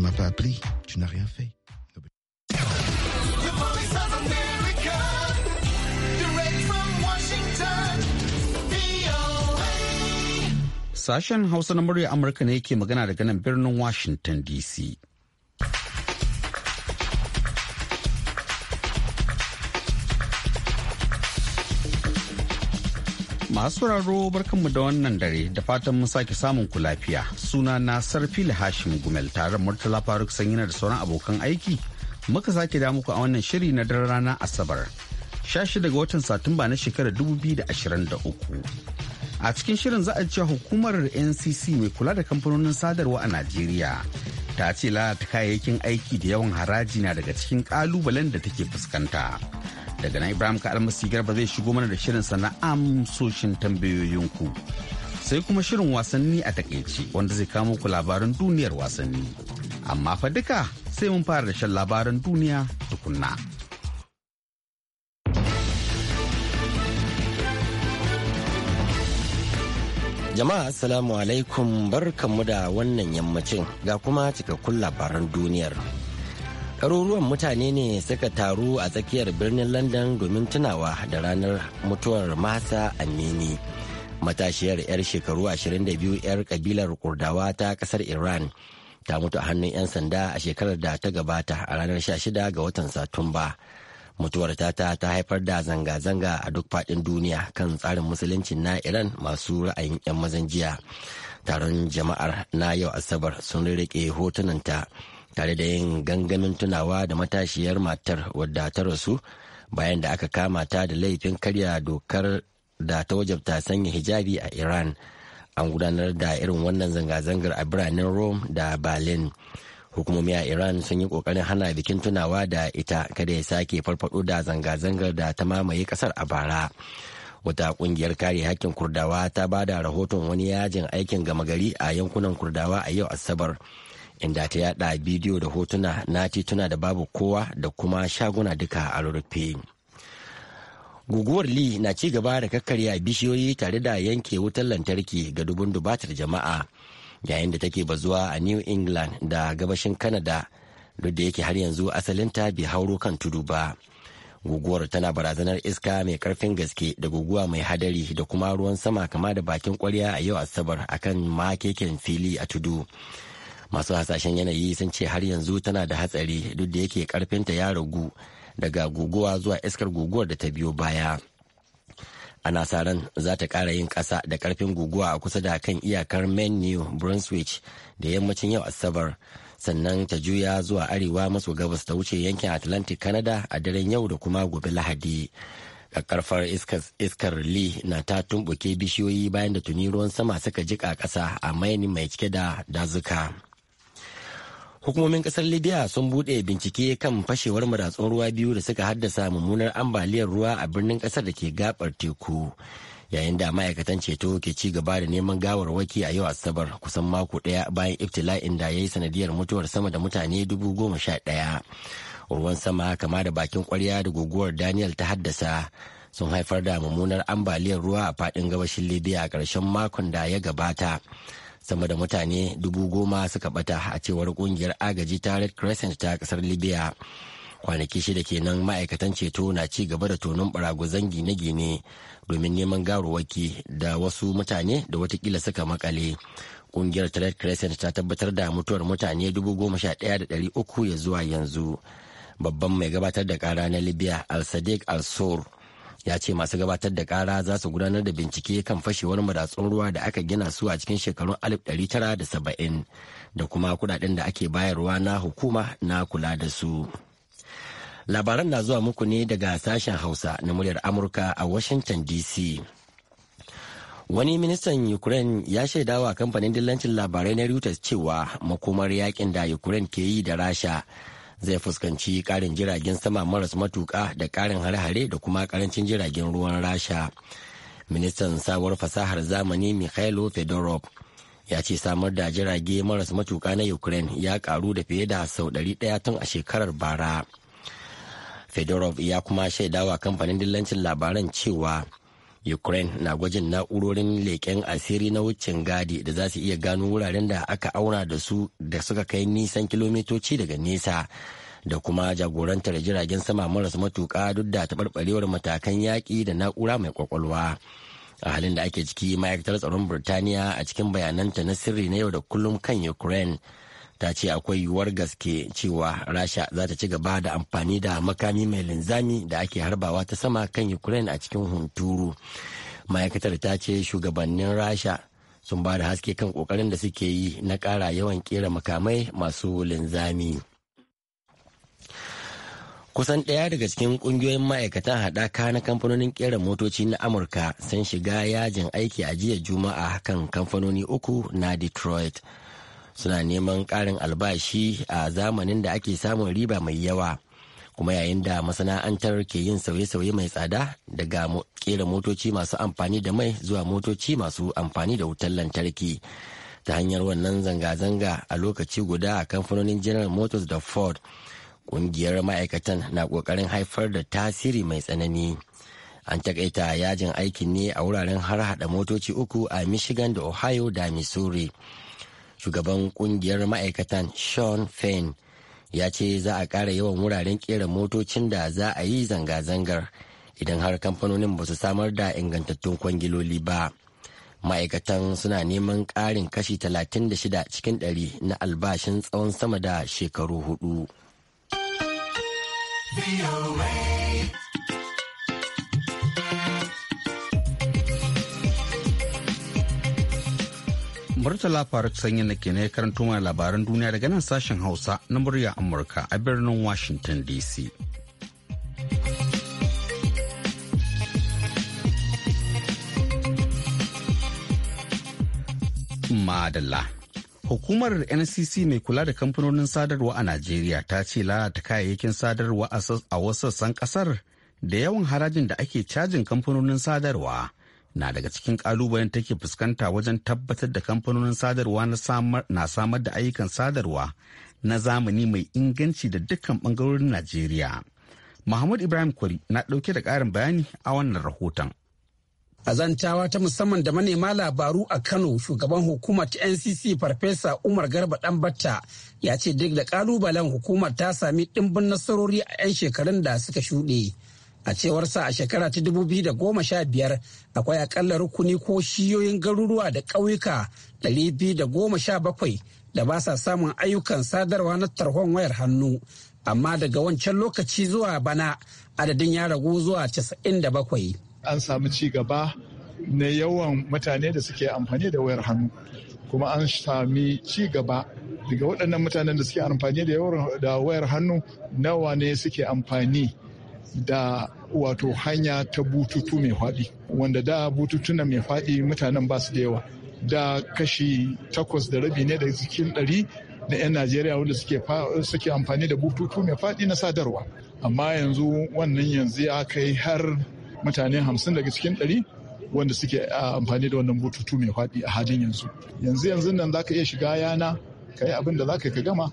m'as pas appelé, tu n'as rien fait. Sashen Hausa na murya Amurka ne ke magana daga nan birnin Washington DC. Masu raro barkanmu da wannan dare da fatan mun sake samun ku lafiya. Suna na sarfi Hashim Gumel tare Murtala Faruk Sanyina da sauran abokan aiki. Muka sake da muku a wannan shiri na dare rana Asabar. 16 daga watan Satumba na shekarar 2023. a cikin shirin za a ce hukumar ncc mai kula da kamfanonin sadarwa a najeriya ta ce lalata kayayyakin aiki da yawan haraji na daga cikin kalubalen da take fuskanta daga nan ibrahim ka almasi garba zai shigo mana da shirin sana amsoshin tambayoyinku sai kuma shirin wasanni a takaice wanda zai kamo ku labaran duniyar wasanni amma fa duka sai mun fara da shan labaran duniya tukunna jama'a assalamu alaikum barkanmu da wannan yammacin ga kuma cikakkun labaran duniyar ɗaruruwan mutane ne suka taru a tsakiyar birnin london domin tunawa da ranar mutuwar masa amini matashiyar 'yar shekaru 22 'yar kabilar kurdawa ta kasar iran ta mutu a hannun 'yan sanda a shekarar da ta gabata a ranar 16 ga watan satumba mutuwar tata ta haifar da zanga-zanga a duk faɗin duniya kan tsarin musulunci na iran masu ra'ayin 'yan mazan jiya taron jama'ar na yau asabar sun rirriƙe hotunanta tare da yin gangamin tunawa da matashiyar matar wadda ta rasu bayan da aka kama ta da laifin karya dokar da ta wajabta sanya hijabi a iran an gudanar da irin wannan zanga-zangar a biranen rome da berlin hukumomi a iran sun yi kokarin hana bikin tunawa da ita kada ya sake farfado da zanga-zangar da ta mamaye kasar a bara wata kungiyar kare hakkin kurdawa ta ba da rahoton wani yajin aikin gama gari a yankunan kurdawa a yau asabar inda ta yada bidiyo da hotuna na tituna da babu kowa da kuma shaguna duka a rurrufe guguwar lee na ci gaba da kakkarya bishiyoyi tare da yanke wutar lantarki ga dubun dubatar jama'a yayin da take bazuwa a new england da gabashin canada duk da yake har yanzu asalinta bai hauro kan tudu ba guguwar tana barazanar iska mai karfin gaske da guguwa mai hadari da kuma ruwan sama kama da bakin kwarya a yau asabar akan makeken fili a tudu masu hasashen yanayi sun ce har yanzu tana da hatsari duk da yake karfinta ya ragu daga guguwa zuwa iskar guguwar da ta biyo baya ana sa ran za ta kara yin kasa da karfin guguwa a kusa da kan iyakar main new brunswick da yammacin yau asabar sannan ta juya zuwa arewa maso gabas ta wuce yankin atlantic canada a daren yau da kuma gobe lahadi a karfar iskar lee na ta tumbuke bishiyoyi bayan da tuni ruwan sama suka jika ƙasa a maini mai cike da dazuka. hukumomin kasar libya sun bude bincike kan fashewar maratsun ruwa biyu da suka haddasa mummunar ambaliyar ruwa a birnin kasar da ke gabar teku yayin da ma'aikatan ceto ke ci gaba da neman gawar waki a yau asabar kusan mako daya bayan iftila'in da ya yi sanadiyar mutuwar sama da mutane dubu goma sha daya ruwan sama kama da bakin kwarya da guguwar daniel ta haddasa sun haifar da mummunar ambaliyar ruwa a fadin gabashin libya a ƙarshen makon da ya gabata sama da mutane dubu goma suka bata a cewar kungiyar agaji ta red crescent ta kasar libya kwanaki shida kenan ma'aikatan ceto na ci gaba da tonon baragwazon gine-gine domin neman garuwaki da wasu mutane da watakila suka makale kungiyar red crescent ta tabbatar da mutuwar mutane dubu goma sha ɗaya da ɗari uku ya zuwa yanzu babban mai gabatar da kara na libya al sadiq al sur ya ce masu gabatar da kara za su gudanar da bincike kan fashewar madatsun ruwa da aka gina su a cikin shekarun 1970 da kuma kudaden da ake bayarwa na hukuma na kula da su labaran na zuwa muku ne daga sashen hausa na muryar amurka a washington dc wani ministan ukraine ya shaidawa kamfanin dillancin labarai na reuters cewa makomar yakin da ukraine ke yi da rasha zai fuskanci karin jiragen sama maras matuka da karin hare-hare da kuma karancin jiragen ruwan rasha ministan sabuwar fasahar zamani mikhailo fedorov ya ce samar da jirage maras matuka na ukraine ya karu da fiye da sau 100 tun a shekarar bara fedorov ya kuma shaidawa kamfanin dillancin labaran cewa ukraine na gwajin na'urorin leƙen asiri na wucin gadi da za su iya gano wuraren da aka auna da su da suka kai nisan kilomitoci daga nesa da kuma jagorantar jiragen sama maras matuƙa duk da taɓarɓarewar matakan yaƙi da na'ura mai ƙwaƙwalwa a halin da ake ciki ma'aikatar tsaron birtaniya a cikin bayananta na sirri na yau da kullum kan ukraine ta ce akwai yiwuwar gaske cewa rasha za ta ci gaba da amfani da makami mai linzami da ake harbawa ta sama kan ukraine a cikin hunturu ma'aikatar ta ce shugabannin rasha sun ba da haske kan kokarin da suke yi na kara yawan kera makamai masu linzami kusan ɗaya daga cikin ƙungiyoyin ma'aikatan haɗaka na kamfanonin ƙera motoci na amurka sun shiga yajin aiki a jiya juma'a kan kamfanoni uku na detroit suna neman ƙarin albashi a zamanin da ake samun riba mai yawa kuma yayin da masana'antar ke yin sauye-sauye mai tsada daga kera motoci masu amfani da mai zuwa motoci masu amfani da wutar lantarki ta hanyar wannan zanga-zanga a lokaci guda a kamfanonin general motors da ford ƙungiyar ma'aikatan na ƙoƙarin haifar da tasiri mai tsanani an takaita yajin aikin ne a wuraren har hada motoci uku a michigan da ohio da missouri shugaban kungiyar ma'aikatan sean fain ya ce za a ƙara yawan wuraren ƙera motocin da za a yi zanga-zangar idan har kamfanonin ba su samar da ingantattun kwangiloli ba ma'aikatan suna neman ƙarin kashi 36 cikin 100 na albashin tsawon sama da shekaru hudu. Murtala Faruk Sanyi na ke ne karanto mana labaran duniya daga nan sashen Hausa na murya Amurka a birnin Washington DC. Madalla. Hukumar NCC mai kula da kamfanonin sadarwa a Najeriya ta ce lalata kayayyakin sadarwa a wasu sassan kasar da yawan harajin da ake cajin kamfanonin sadarwa na daga cikin kalubalen take fuskanta wajen tabbatar da kamfanonin sadarwa na samar da ayyukan sadarwa na zamani mai inganci da dukkan bangarorin Najeriya. muhammad Ibrahim Kwari na ɗauke da ƙarin bayani a wannan rahoton. Azantawa ta musamman da manema labaru a Kano shugaban hukumar ta NCC Farfesa Umar Garba Ɗanbatta ya ce duk da ƙalubalen hukumar ta sami ɗimbin nasarori a 'yan shekarun da suka shuɗe. a cewar sa a shekara ta dubu biyu da goma sha biyar akwai akalla rukuni ko shiyoyin garuruwa da ƙauyuka ɗari biyu da goma sha bakwai da ba sa samun ayyukan sadarwa na tarhon wayar hannu amma daga wancan lokaci zuwa bana adadin ya ragu zuwa casa'in da bakwai. an samu ci gaba na yawan mutane da suke amfani da wayar hannu kuma an sami ci gaba daga waɗannan mutanen da suke amfani da wayar hannu nawa ne suke amfani da wato hanya ta bututu mai faɗi wanda da bututuna mai faɗi mutanen ba su da yawa da kashi takwas da rabi ne da cikin ɗari na 'yan najeriya wanda suke amfani da bututu mai faɗi na sadarwa amma yanzu wannan yanzu ya kai har mutane hamsin daga cikin ɗari wanda suke amfani da wannan bututu mai faɗi a halin yanzu yanzu yanzu nan za ka iya shiga yana ka yi abin da za ka ka gama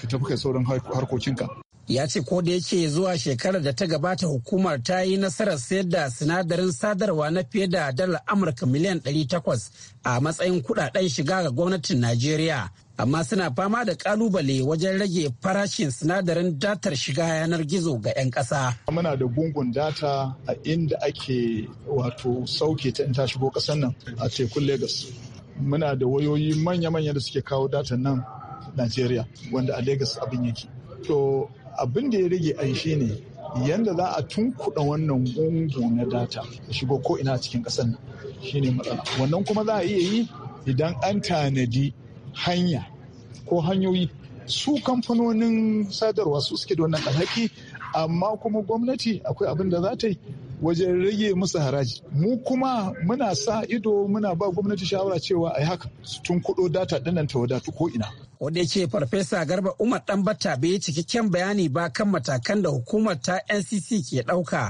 ka tafi kai sauran harkokinka ya ce ko da yake zuwa shekarar da ta gabata hukumar ta yi nasarar sayar da sinadarin sadarwa na fiye da dalar amurka miliyan 800 a matsayin kudaden shiga ga gwamnatin najeriya amma suna fama da kalubale wajen rage farashin sinadarin datar shiga yanar gizo ga 'yan kasa. muna da gungun data a inda ake wato sauke ta in ta shigo kasan nan a tekun lagos muna da wayoyi manya-manya da suke kawo datan nan najeriya wanda a lagos abin yake to abin da ya rage ai ne yadda za a tunkuɗa wannan gungu na data da shigo ko ina cikin ƙasar nan shine matsala wannan kuma za a iya yi idan an tanadi hanya ko hanyoyi su kamfanonin sadarwa su suke da wannan alhaki amma kuma gwamnati akwai abin da za ta yi wajen rage musu haraji mu kuma muna sa ido muna ba gwamnati shawara cewa a haka tun kudo data dinnan ta wadatu ko ina wanda yake farfesa garba umar dan batta bai yi cikakken bayani ba kan matakan da hukumar ta ncc ke ɗauka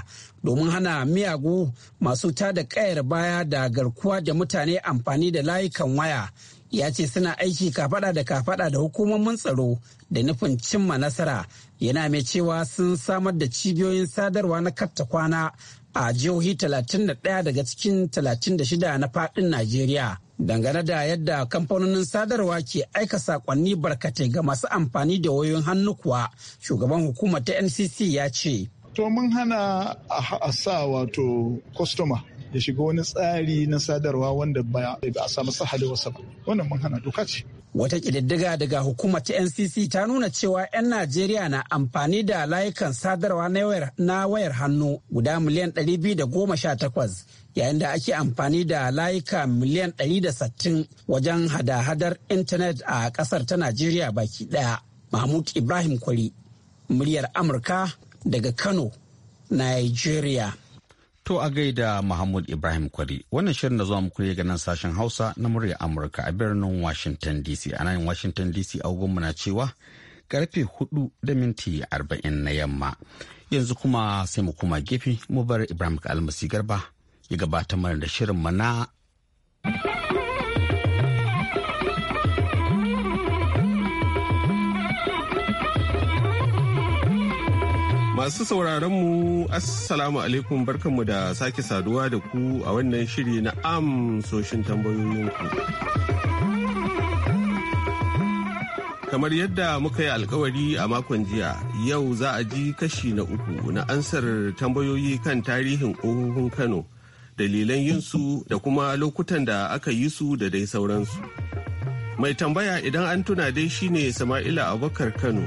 domin hana miyagu masu ta da kayar baya da garkuwa da mutane amfani da layukan waya ya ce suna aiki kafada da kafada da hukumomin tsaro da nufin cimma nasara yana mai cewa sun samar da cibiyoyin sadarwa na katta kwana a jihohi 31 daga cikin 36 na faɗin Najeriya. Dangane da yadda kamfanonin sadarwa ke aika sakonni barkatai ga masu amfani da wayoyin hannu kuwa, shugaban hukumar ta NCC ya ce. To mun hana a sa wato kwastoma ya shiga wani tsari na sadarwa wanda ba a samu wasa ba wannan mun hana doka ce Wata kididdiga daga hukumar ta NCC ta nuna cewa 'yan Najeriya na amfani da layukan sadarwa na wayar hannu guda miliyan 218 yayin da ake amfani da layuka miliyan 160 wajen hada-hadar intanet a kasar ta Najeriya baki ɗaya. Mahmud Ibrahim Kwari, muryar Amurka daga Kano, Nigeria. To a gaida Mahmud Ibrahim Kwari wannan shirin da zuwa muku ga nan sashen Hausa na murya Amurka a birnin Washington DC. A nan Washington DC agogonmu na cewa karfe 4 da minti arba'in na yamma. Yanzu kuma sai mu kuma gefe mu bar Ibrahim Almasi Garba ya gabata mana da shirin mana. Masu sauraronmu Assalamu alaikum barkanmu da sake saduwa da ku a wannan shiri na amsoshin tambayoyinku. Kamar yadda muka yi alkawari a makon jiya, yau za a ji kashi na uku na ansar tambayoyi kan tarihin Ohuhun Kano, dalilan yinsu da kuma lokutan da aka yi su da dai sauransu. Mai tambaya idan an tuna dai shine Sama'ila Abubakar Kano.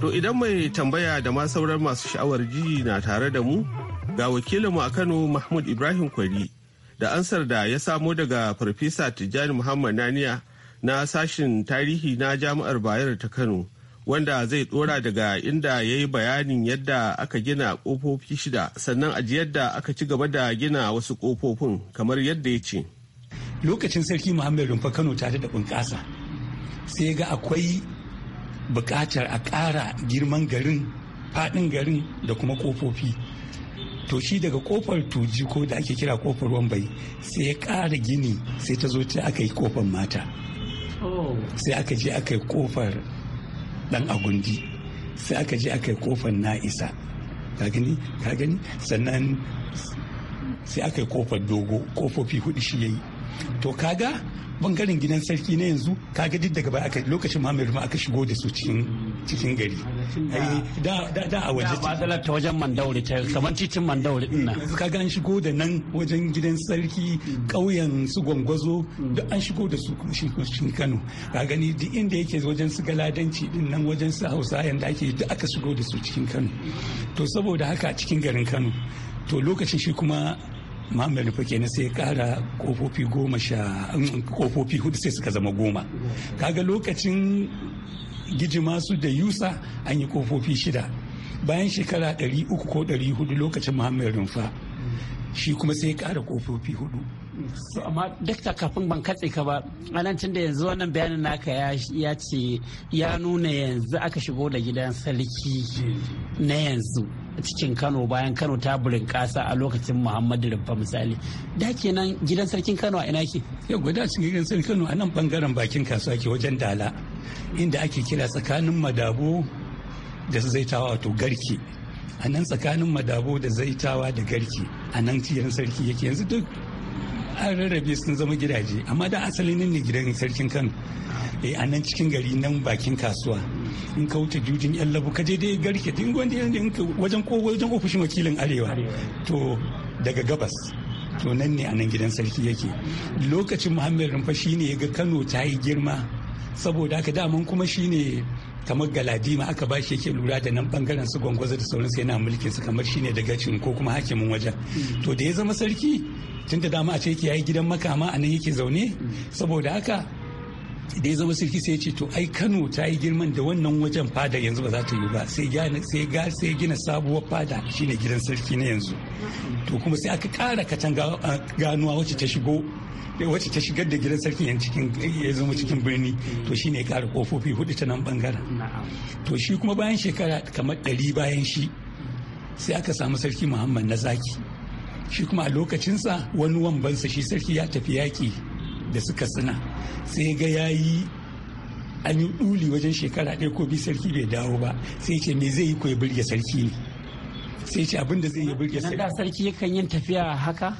To idan mai tambaya da ma sauran masu sha'awar ji na tare da mu ga wakilinmu a Kano Mahmud Ibrahim Kwari da ansar da ya samo daga Farfesa Tijjani Muhammad Naniya na sashin tarihi na Jami'ar Bayero ta Kano wanda zai dora daga inda ya yi bayanin yadda aka gina kofofi shida sannan a yadda aka ci gaba da gina wasu kofofin kamar yadda ya ce. Lokacin Sarki Muhammad Rumfa Kano ta da bunƙasa sai ga akwai Bukatar a ƙara girman garin faɗin garin da kuma ƙofofi to shi daga ƙofar tuji ko da ake kira kofar wambai sai ya ƙara gini sai ta zo ta aka yi kofar mata oh. sai aka je aka yi kofar ɗan agundi sai aka je aka yi kofar na'isa ka gani ka gani sannan sai aka yi kofar dogo kofofi hudu shi yayi to kaga bangaren gidan sarki na yanzu kaga duk daga baya lokacin Muhammadu ma aka shigo da su cikin cikin gari da da a waje ba ta wajen Mandauri ta kamar cikin Mandauri din nan ga an shigo da nan wajen gidan sarki ƙauyen su gwangwazo duk an shigo da su cikin Kano ka gani duk inda yake wajen su galadanci din nan wajen su Hausa yanda ake duk aka shigo da su cikin Kano to saboda haka cikin garin Kano to lokacin shi kuma muhammad nufa kenan sai ya kara kofofi goma sha um, kofofi hudu sai suka zama goma kaga lokacin gijima su da yusa an yi kofofi shida bayan shekara uku ko hudu lokacin muhammad rumfa shi kuma sai ya kara kofofi hudu so amma da kafin ban katse ka ba anan tun da yanzu wannan bayanin naka ya ce ya nuna yanzu aka shigo da gidan sarki na yanzu cikin kano bayan kano ta burinkasa a lokacin muhammadu rumfa misali da kenan gidan sarkin kano a ina ke yau guda cikin gidan sarkin kano a nan bangaren bakin kasuwa ke wajen dala inda ake kira tsakanin madabo da zaitawa to garki a nan tsakanin madabo da zaitawa da garki a nan gidan sarki yake yanzu duk an rarrabe sun zama gidaje amma da asalin ne gidan sarkin kano eh, a nan cikin gari nan bakin kasuwa in ka wuce jujin yan labu ka je dai garke din wanda wajen ko wajen ofishin wakilin arewa to daga gabas to nan ne a nan gidan sarki yake lokacin muhammadu rumfa shine ya ga kano ta yi girma saboda haka daman kuma shine kamar galadima aka ba shi yake lura da nan bangaren su gwangwaza da sauransu yana mulkin su kamar shine daga cin ko kuma hakimin wajen mm. to da ya zama sarki tun da dama a ce yake yayi gidan makama a nan yake zaune mm. saboda haka da ya zama sarki sai ce to ai kano ta yi girman da wannan wajen fada yanzu ba za ta yi ba sai ga gina sabuwar fada shine gidan sarki na yanzu to kuma sai aka kara katanga ganuwa wacce ta shigo wacce ta shigar da gidan sarki yan cikin ya zama cikin birni to ne ya kara kofofi hudu ta nan bangaren to shi kuma bayan shekara kamar ɗari bayan shi sai aka samu sarki muhammad na zaki shi kuma a lokacinsa wani wambansa shi sarki ya tafi yaki da suka tsina sai ga yi an yi duli wajen shekara ɗaya ko biyu sarki bai dawo ba sai ce me zai yi ko ya birge sarki ne sai ce abin da zai yi birge sarki Nan da sarki yakan yin tafiya haka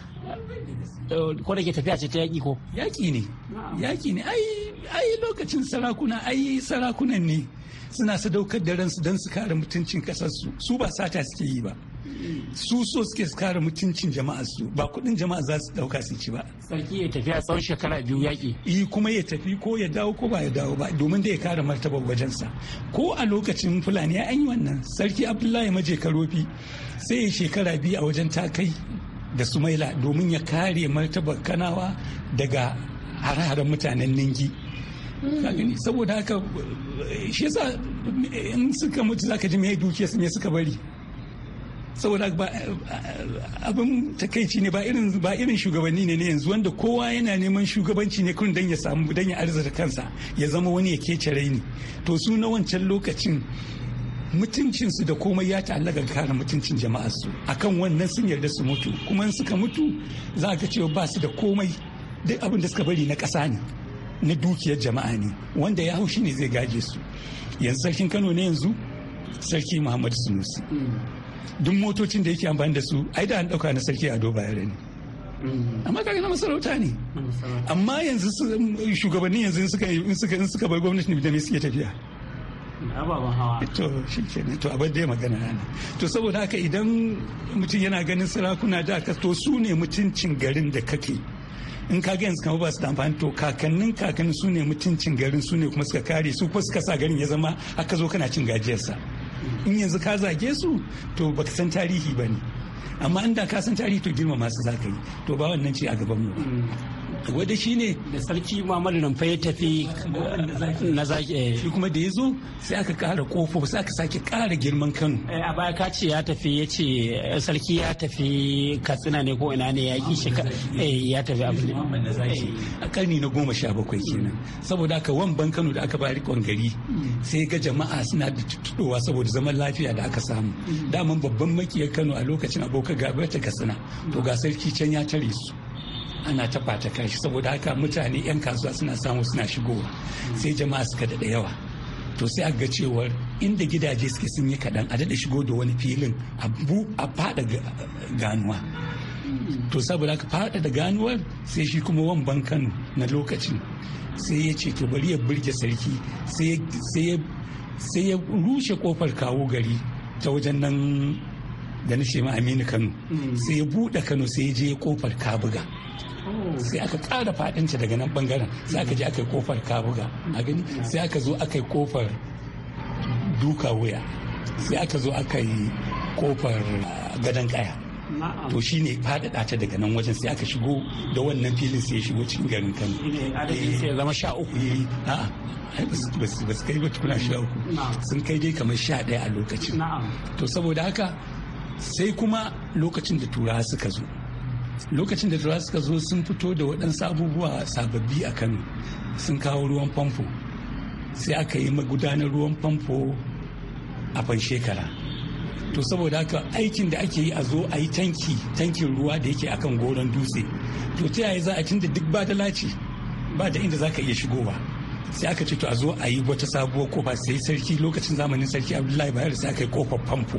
eh, ko da ke tafiya ce ta yaƙi ko yaƙi ne yaƙi ne ai lokacin sarakuna ai sarakunan ne suna sadaukar da ransu don su kare mutuncin kasarsu su ba sata suke yi ba su so suke kare mutuncin jama'a su ba kuɗin jama'a za su ɗauka su ci ba sarki ya tafi a tsawon shekara biyu yaƙi yi e, kuma ya tafi ko ya dawo ko ba ya dawo ba domin da ya kare martabar sa ko a lokacin fulani an yi wannan sarki abdullahi maje karofi sai ya shekara biyu a wajen takai da sumaila domin ya kare martabar kanawa daga hare-haren mutanen ningi saboda haka shi yasa in suka mutu zaka ji mai duke su me suka bari saboda abin takaici ne ba irin shugabanni ne yanzu wanda kowa yana neman shugabanci ne kun dan ya samu dan ya arzika kansa ya zama wani ya kece raini to su na wancan lokacin mutuncinsu da komai ya ta'allaka kare mutuncin jama'arsu akan wannan sun yarda su mutu kuma in suka mutu za ka cewa ba su da komai duk abin da suka bari na ƙasa ne na dukiyar jama'a ne wanda ya haushi ne zai gaje su yanzu sarkin kano ne yanzu sarki muhammadu sunusi duk motocin da yake amfani da su ai da an dauka na sarki ado bayar ne amma kaga na masarauta ne amma yanzu um, shugabanni yanzu in suka bar gwamnati da me suke tafiya ababen hawa to shi kenan to abin da ya magana na to saboda haka idan mutum yana ganin sarakuna da aka to su ne mutuncin garin da kake in ka yanzu kama ba su da amfani to kakannin kakannin su ne mutuncin garin su ne kuma suka kare su kuma suka sa garin ya zama aka zo kana cin gajiyarsa. in yanzu ka zage su to baka san tarihi ba ne amma inda ka san tarihi to girmama su za yi to ba wannan ce a gaban mu wadda shi ne da sarki muhammadu rumfa ya tafi na zaki eh. shi kuma da ya zo sai aka kara kofo sai aka sake kara girman kano eh, a baya ka ce ya tafi ya ce eh, sarki ya tafi katsina ne ko ina ne ya ki shi ya tafi abu ne a karni na goma sha bakwai kenan saboda aka wamban kano da aka ba rikon gari sai ga jama'a suna da tuttuɗowa saboda zaman lafiya da aka samu daman babban makiyar kano a lokacin abokan gaba ta katsina to ga sarki can ya tare su ana ta ɓata kashi saboda haka mutane 'yan kasuwa suna samu suna shigowa sai jama'a suka daɗa yawa to sai a ga cewar inda gidaje suke sun yi kaɗan a daɗa shigo da wani filin a faɗa ganuwa to saboda haka faɗa da ganuwar sai shi kuma wamban kano na lokacin sai ya ce to bari ya burge sarki sai ya rushe kofar kawo gari ta wajen nan da na shema aminu kano hmm. sai ya buɗe kano sai ya je kofar kabuga sai aka ƙara faɗinta daga nan bangaren sai aka je aka yi kofar kabuga a gani sai aka zo aka yi kofar duka wuya sai aka zo aka yi kofar ah, gadon kaya to shi ne faɗaɗa ta daga nan wajen sai aka shigo da wannan filin sai ya shigo cikin garin kano ya zama sha uku eh, eh, kai ba tukuna sha uku sun kai dai kamar sha ɗaya a lokacin to saboda haka sai kuma lokacin da turawa suka zo lokacin da turawa suka zo sun fito da waɗansu abubuwa sababbi a kano sun kawo ruwan famfo sai aka yi magudanar ruwan famfo a fan shekara to saboda haka aikin da ake yi a zo a yi tanki tankin ruwa da yake akan goron dutse to ta yaya za a tunda duk ba da laci ba da inda za ka iya shigowa sai aka ce to a zo a yi wata sabuwar kofa sai sarki lokacin zamanin sarki abdullahi bayar sai aka yi kofar famfo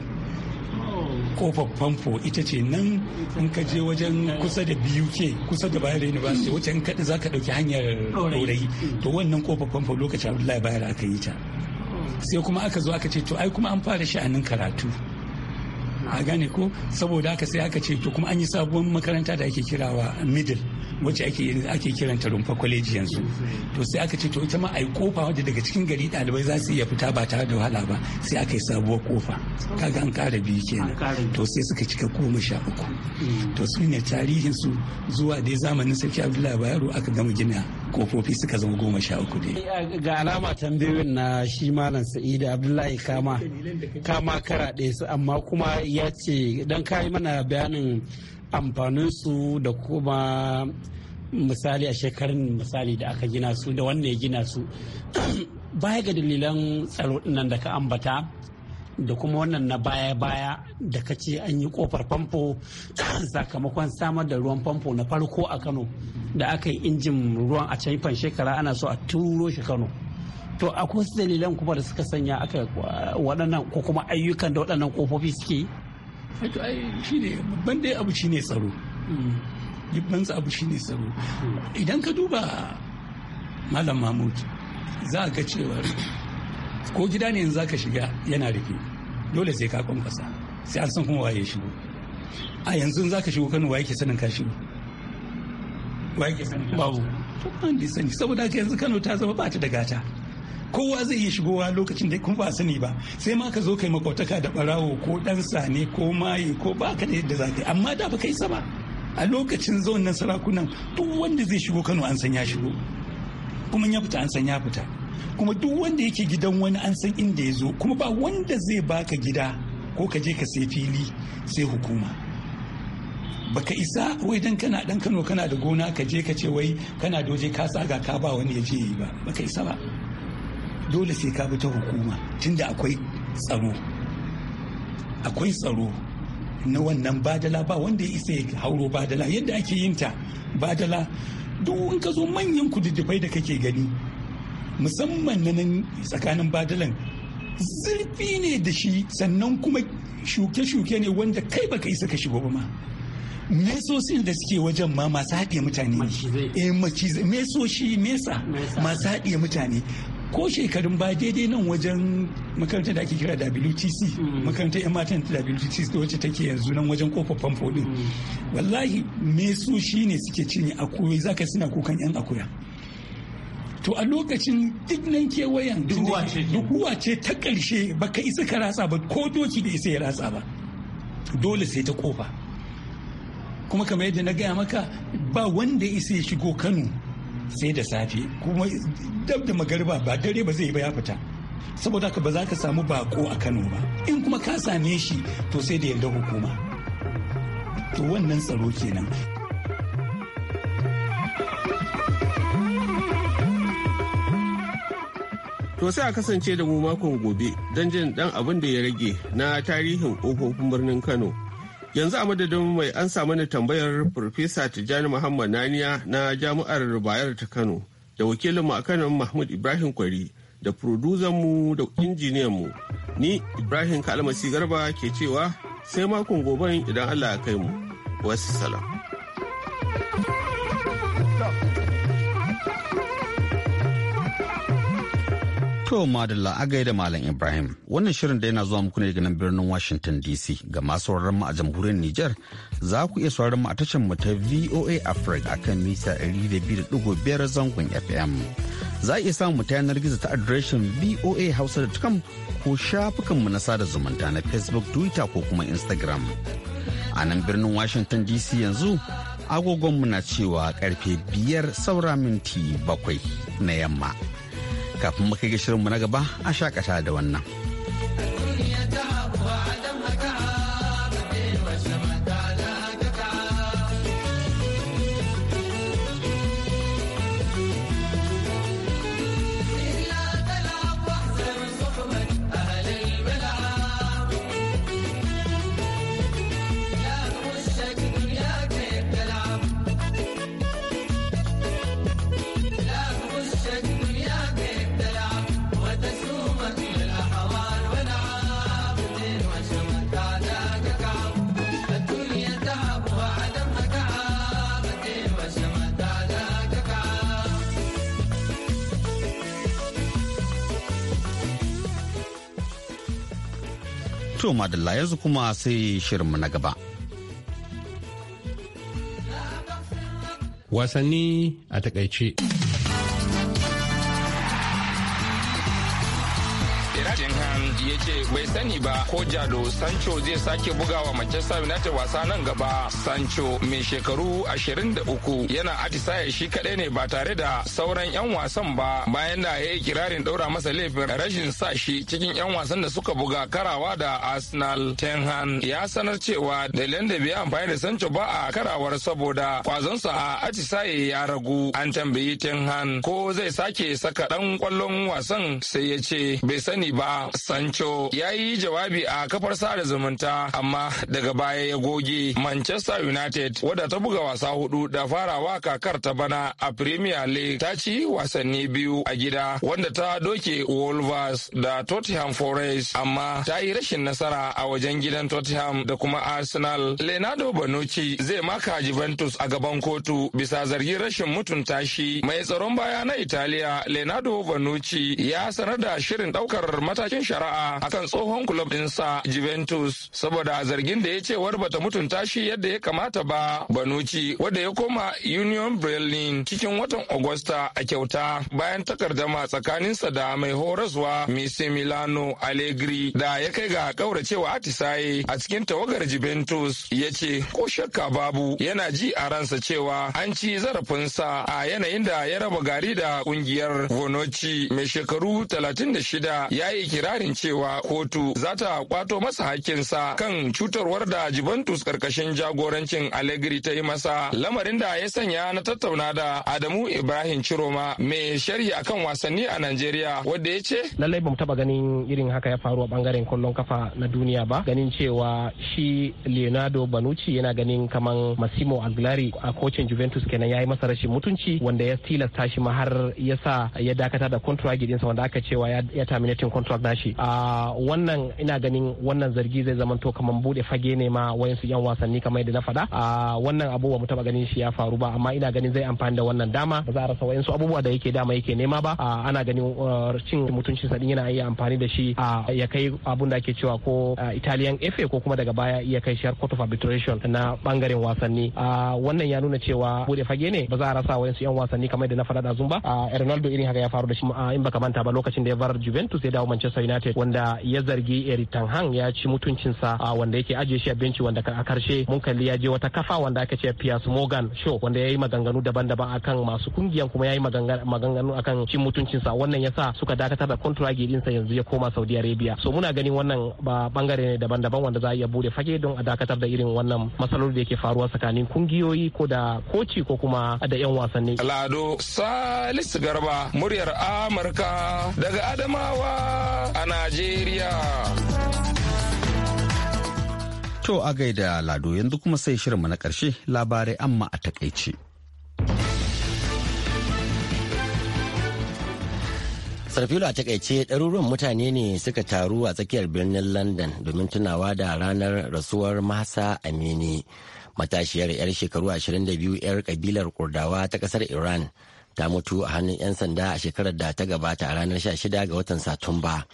kofar famfo ita ce nan in ka je wajen kusa da BUK kusa da Bayero University wacce in kaɗi za ka ɗauki hanyar ɗorayi to wannan kofar famfo lokacin Abdullahi Bayero aka yi ta sai kuma aka zo aka ce to ai kuma an fara sha'anin karatu a gane ko saboda aka sai aka ce to kuma an yi sabuwar makaranta da ake kirawa middle wacce ake ake kiranta rumfa kwaleji yanzu to sai aka ce to ita ma ai kofa wadda daga cikin gari dalibai za su iya fita ba tare da wahala ba sai aka yi sabuwar kofa kaga an ƙara biyu kenan to sai suka cika goma sha uku mm. to su ne tarihin su zuwa dai zamanin sarki abdullahi bayero aka gama gina kofofi suka zama goma sha uku dai. Eh, ga alama tambayoyin na shi malam sa'idu abdullahi kama kama kara su amma kuma ya ce don kayi mana bayanin amfaninsu da kuma misali a shekarun misali da aka gina su da wanda ya gina su baya ga dalilan tsaro nan da ka ambata da kuma wannan na baya-baya da ka ce an yi kofar famfo sakamakon samar da ruwan famfo na farko a kano da aka yi injin ruwan a can shekara ana so a turo shi kano to akwai wasu dalilan kuma da suka sanya aka waɗannan ko kuma ayyukan da waɗannan kofofi suke to shi ne babban dai abu shi ne tsaro hmm. babban abu shi ne tsaro hmm. idan ka duba malam mahmud za ka cewa ko gida ne yanzu za ka shiga yana rufe dole sai ka kwankwasa sai an san kuma waye shigo a yanzu za ka shigo kano waye ke sanin ka shigo waye ke sanin babu to an sani saboda haka yanzu kano ta zama ba ta da gata kowa zai iya shigowa lokacin da kuma ba sani ba sai ma ka zo kai makautaka da barawo ko dan sane ko maye ko ba ka da yadda za ka yi amma da ba kai sama a lokacin zon na sarakunan duk wanda zai shigo Kano an san ya shigo kuma ya fita an san ya fita kuma duk wanda yake gidan wani an san inda ya zo kuma ba wanda zai baka gida ko ka je ka sai fili sai hukuma baka isa wai dan kana dan Kano kana da gona ka je ka ce wai kana doje ka saga ka ba wani ya je yi ba baka isa ba dole sai ka bi ta hukuma tunda akwai tsaro akwai tsaro na wannan badala ba wanda ya isa ya hauro badala yadda ake yin ta badala duk in ka zo manyan kududdufai da kake gani musamman na nan tsakanin badalan zurfi ne da shi sannan kuma shuke-shuke ne wanda kai baka isa ka shigo ba ma mesosin da suke wajen ma masu haɗe mutane ne eh, mesoshi mesa masu haɗe mutane ko shekarun ba daidai nan wajen makarantar da ake kira WTC hmm. makarantar yan matan ta WTC wacce take yanzu nan wajen kofar famfo din hmm. wallahi me su shine suke cinye akuyoyi ka suna kukan yan akuya to a lokacin duk nan kewayen duhuwa ce ta ƙarshe baka isa ka ratsa ba ko doki da isa ya ratsa ba dole sai ta kofa kuma kamar yadda na gaya maka ba wanda isa ya shigo kano sai da safe kuma dab da magariba ba dare ba zai yi ba ya fita saboda haka ba za ka samu bako a Kano ba in kuma ka same shi to sai da yarda hukuma to wannan tsaro kenan To sai a kasance da mu makon gobe don jin dan abin da ya rage na tarihin ƙofofin birnin Kano. yanzu a madadin mai an samu na tambayar Profesa Tijjani Muhammad Naniya na Jami'ar Bayar ta Kano da wakilin mu a Kano Mahmud Ibrahim Kwari da mu da injiniyan mu ni Ibrahim Kalmasi Garba ke cewa sai makon goben idan Allah ya kai mu. Wassalam. To Madalla a gaida Malam Ibrahim. Wannan shirin da yana zuwa muku ne daga nan birnin Washington DC ga masu mu a jamhuriyar niger Za ku iya sauraron mu a tashar mu ta VOA Africa akan mita 200.5 zangon FM. Za a iya samun mu ta yanar gizo ta adireshin VOA Hausa.com ko shafukan mu na sada zumunta na Facebook, Twitter ko kuma Instagram. A nan birnin Washington DC yanzu agogonmu na cewa karfe biyar saura minti bakwai na yamma. kafin mu kai shirinmu na gaba a shakata da wannan. To madalla yanzu kuma sai shirinmu na gaba. Wasanni a takaice. bai sani ba ko Jado Sancho zai sake bugawa Manchester United wasa nan gaba. Sancho mai shekaru 23 yana atisaye shi kadai ne ba tare da sauran 'yan wasan ba bayan da ya yi kirarin ɗaura masa laifin rashin sa shi cikin 'yan wasan da suka buga karawa da Arsenal. Tenhan ya sanar cewa dalilan da bai amfani da Sancho ba a karawar saboda kwazon sa a atisaye ya ragu. An tambayi Tenhan ko zai sake saka dan kwallon wasan sai ya ce bai sani ba Sancho ya yi jawabi a kafar sada zumunta amma daga baya ya goge Manchester United wadda ta buga wasa hudu da farawa kakar ta bana a Premier League ta ci wasanni biyu a gida wanda ta doke Wolves da Tottenham Forest amma ta yi rashin nasara a wajen gidan Tottenham da kuma Arsenal. Leonardo Bonucci zai maka Juventus a gaban kotu bisa zargin rashin mutunta shi mai tsaron baya na Italiya Leonardo Bonucci ya sanar da shirin daukar matakin shari'a akan tsohon kulob sa Juventus saboda zargin da ya ce war bata mutunta shi yadda ya kamata ba. banuci wanda ya koma Union Berlin cikin watan Agusta a kyauta bayan takardama tsakaninsa da mai horaswa Misi Milano Allegri da ya kai ga kauracewa atisaye a cikin tawagar Juventus ya ce ko shakka babu yana ji a ransa cewa an ci zarafinsa a yanayin da ya raba gari da kungiyar Vonoci mai shekaru 36 ya yi kirarin cewa ko kotu za ta kwato masa hakinsa kan cutarwar da Juventus karkashin jagorancin Allegri ta yi masa lamarin da ya sanya na tattauna da Adamu Ibrahim Ciroma mai sharhi akan wasanni a Najeriya wanda ya ce lallai bamu taba ganin irin haka ya faru a bangaren kwallon kafa na duniya ba ganin cewa shi Leonardo Banucci yana ganin kaman Massimo Aguilari a kocin Juventus kenan ya yi masa rashin mutunci wanda ya tilasta shi ma har ya sa ya dakata da contract gidinsa wanda aka cewa ya terminating contract nashi a ah, wannan ina ganin wannan zargi zai zama to kamar bude fage ne ma wayansu yan wasanni kamar yadda na faɗa a wannan abubuwa mu taba ganin shi ya faru ba amma ina ganin zai amfani da wannan dama ba za a rasa wayansu abubuwa da yake dama yake nema ba ana ganin uh, cin mutuncin sa yana iya amfani da shi ya kai abun da ake cewa ko Italian FA ko kuma daga baya iya kai shar court of arbitration na bangaren wasanni wannan ya nuna cewa bude fage ne ba za a rasa wayansu yan wasanni kamar yadda na faɗa da zumba Ronaldo irin haka ya faru da shi in baka manta ba lokacin da ya bar Juventus ya dawo Manchester United wanda ya ya zargi Eritan han ya ci mutuncinsa a wanda yake ajiye shi a benci wanda a karshe mun kalli ya je wata kafa wanda aka ce Piers Morgan show wanda ya yi maganganu daban-daban akan masu kungiyan kuma ya yi maganganu akan cin mutuncinsa wannan yasa suka dakatar da kontra sa yanzu ya koma Saudi Arabia so muna ganin wannan ba bangare ne daban-daban wanda za a iya bude fage don a dakatar da irin wannan matsalolin da yake faruwa tsakanin kungiyoyi ko da koci ko kuma da 'yan wasanni. al'ado Salisu Garba muryar Amurka daga Adamawa a Najeriya. lafiya. To a gaida lado yanzu kuma sai shirinmu na ƙarshe labarai amma a takaice. sarfilo a takaice ɗaruruwan mutane ne suka taru a tsakiyar birnin london domin tunawa da ranar rasuwar masa amini matashiyar 'yar shekaru 22 'yar kabilar kurdawa ta ƙasar iran ta mutu a hannun 'yan sanda a shekarar da ta gabata a ranar 16 ga watan satumba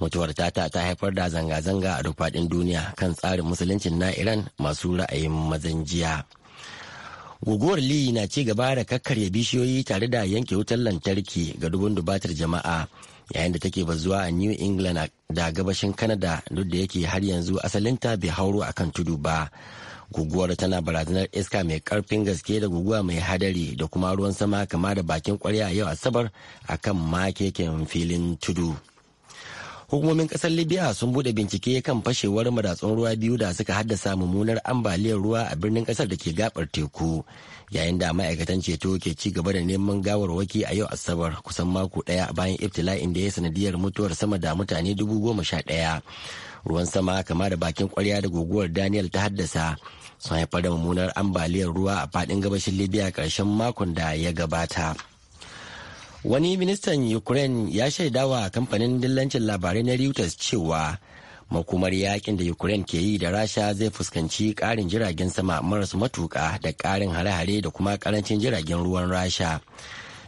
mutuwar tata ta haifar da zanga-zanga a duk faɗin duniya kan tsarin musuluncin na iran masu ra'ayin mazan jiya guguwar li na ci gaba da kakkarya bishiyoyi tare da yanke wutar lantarki ga dubun dubatar jama'a yayin da take bazuwa a new england da gabashin canada duk da yake har yanzu asalinta bai hauro kan tudu ba guguwar tana barazanar iska mai karfin gaske da guguwa mai hadari da kuma ruwan sama kama da bakin kwarya yau asabar a kan makekin filin tudu. hukumomin kasar libya sun bude bincike kan fashewar madatsun ruwa biyu da suka haddasa mummunar ambaliyar ruwa a birnin kasar da ke gabar teku yayin da ma'aikatan ceto ke ci gaba da neman gawarwaki a yau asabar kusan mako daya bayan ibtila'in da ya sanadiyar mutuwar sama da mutane dubu goma sha daya ruwan sama kama da bakin kwarya da guguwar daniel ta haddasa sun haifar da mummunar ambaliyar ruwa a fadin gabashin libya karshen makon da ya gabata. wani ministan ukraine ya shaidawa kamfanin dillancin labarai na reuters cewa makumar yakin da ukraine ke yi da rasha zai fuskanci karin jiragen sama maras matuka da karin hare-hare da kuma karancin jiragen ruwan rasha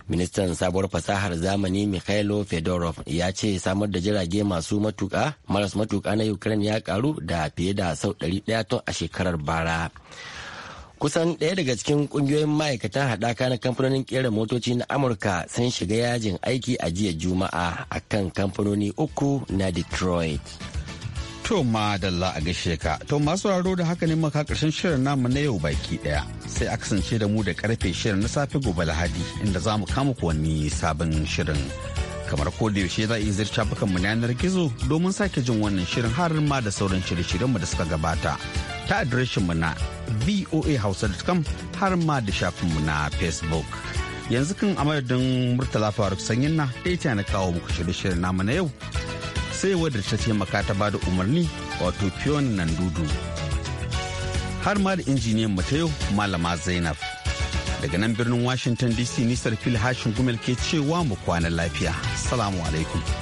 ministan sabuwar fasahar zamani mikhailo fedorov ya ce samar da jirage masu matuka maras matuka na ukraine ya karu da fiye da sau 100 tun a shekarar bara kusan ɗaya daga cikin ƙungiyoyin ma'aikatan haɗaka na kamfanonin ƙera motoci na amurka sun shiga yajin aiki a jiya juma'a a kan kamfanoni uku na detroit to madalla a gaishe ka to masu raro da haka ne maka karshen shirin namu na yau baki ɗaya sai a kasance da mu da karfe shirin na safe gobe lahadi inda za mu kama wani sabon shirin kamar ko da yaushe za a iya zirca bakan mu yanar gizo domin sake jin wannan shirin har ma da sauran shirye-shiryenmu da suka gabata ta mu na hausa.com har ma da shafinmu na facebook yanzu kan a madadin murtala faruk sanyin na da na kawo muku shirye-shiryen namu na yau sai wadda ta taimaka ta da umarni wato fiyon nan dudu har ma da injiniyan mu ta yau malama zainab daga nan birnin washington dc nisar fil hashin gumel ke cewa mu kwana lafiya salamu alaikum